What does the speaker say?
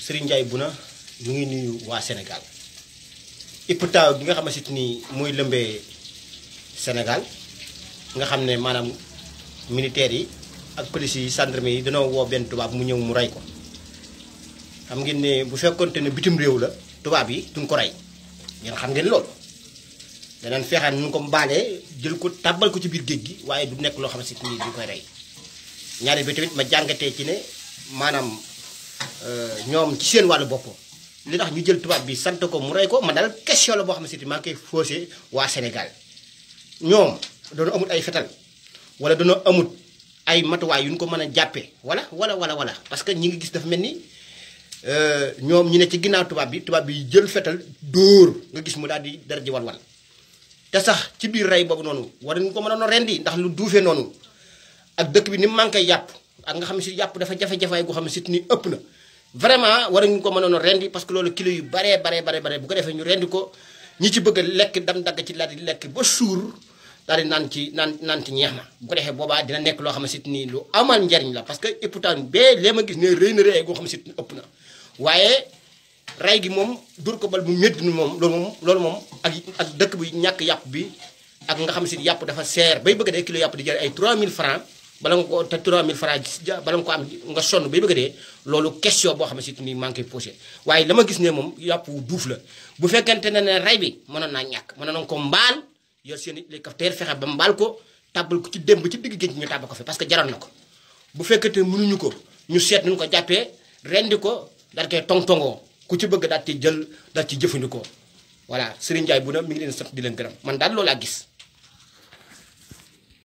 Serigne bu na mu ngi nuyu waa Sénégal IPTA gi nga xamante ni mooy lëmbee Sénégal nga xam ne maanaam militaires yi ak police yi gendarmerie yi dañoo woo benn tubaab mu ñëw mu rey ko xam ngeen ne bu fekkonte ne bitim réew la tubaab yi duñ ko rey ngeen xam ngeen loolu danañ feexaan nu ko mbaalee jël ko tàbbal ko ci biir géej gi waaye du nekk loo xamante ni du koy rey ñaari bi ma jàngatee ci ne maanaam Euh, ñoom ci seen wàllu bopp li tax ñu jël tubaab bi sant ko mu rey ko man daal question la boo xam ne si maa ngi koy faussé waa Sénégal ñoom dañoo amut ay fetal wala dañoo amut ay matuwaay yu ñu ko mën a jàppee wala wala wala wala parce que ñi ngi gis dafa mel ni euh, ñoom ñu ne ci ginnaaw tubaab bi tubaab bi yu jël fetal dóor nga gis mu daal di dara ji walwal te sax ci biir rey boobu noonu war nañu ko mën a rendi ndax lu duufee noonu ak dëkk bi ni mu manqué yàpp ak nga xam si yàpp dafa jafe-jafe xam ne si ni ëpp na. vraiment war a ñu ko mënoon a rendi parce que loolu kilo yu baree baree baree bare bu ko defee ñu rendi ko ñi ci bëgg a lekk dam dagg ci daal di lekk ba suur daal di naan ci naan naan ñeex ma ko defee boobaa dina nekk loo xam ne nii lu amal njariñ la parce que époutaan bee lee ma gis ne rëy na rëy goo xam ne ni ëpp na waaye rey gi moom dur ko bal mu médd moom loolu moom loolu moom ak ak dëkk bi ñàkk yàpp bi ak nga xam ne yàpp dafa seer bay bëgg dee kilo yàpp di jar ay 3000 francs bala nga ko te 3000 francs ko am nga sonn bay bëgg a dee loolu question boo xam ne si ni maa ngi koy posé waaye la ma gis ne moom yàpp duuf la bu fekkente ne ne rey bi mënoon naa ñàkk mënoon na ko mbaal yor seen i hélicoptère fexe ba mbaal ko tàbbal ko ci dem ba ci digg géej ñu tàbbal ko fi parce que jaroon na ko bu fekkente mënuñu ko ñu seet ñu ko jàppee rendi ko daal koy tong-tongoo ku ci bëgg daal ci jël daal ci jëfandikoo voilà Serigne Ndiaye bu na mi ngi leen sant di leen gërëm man daal loolu laa gis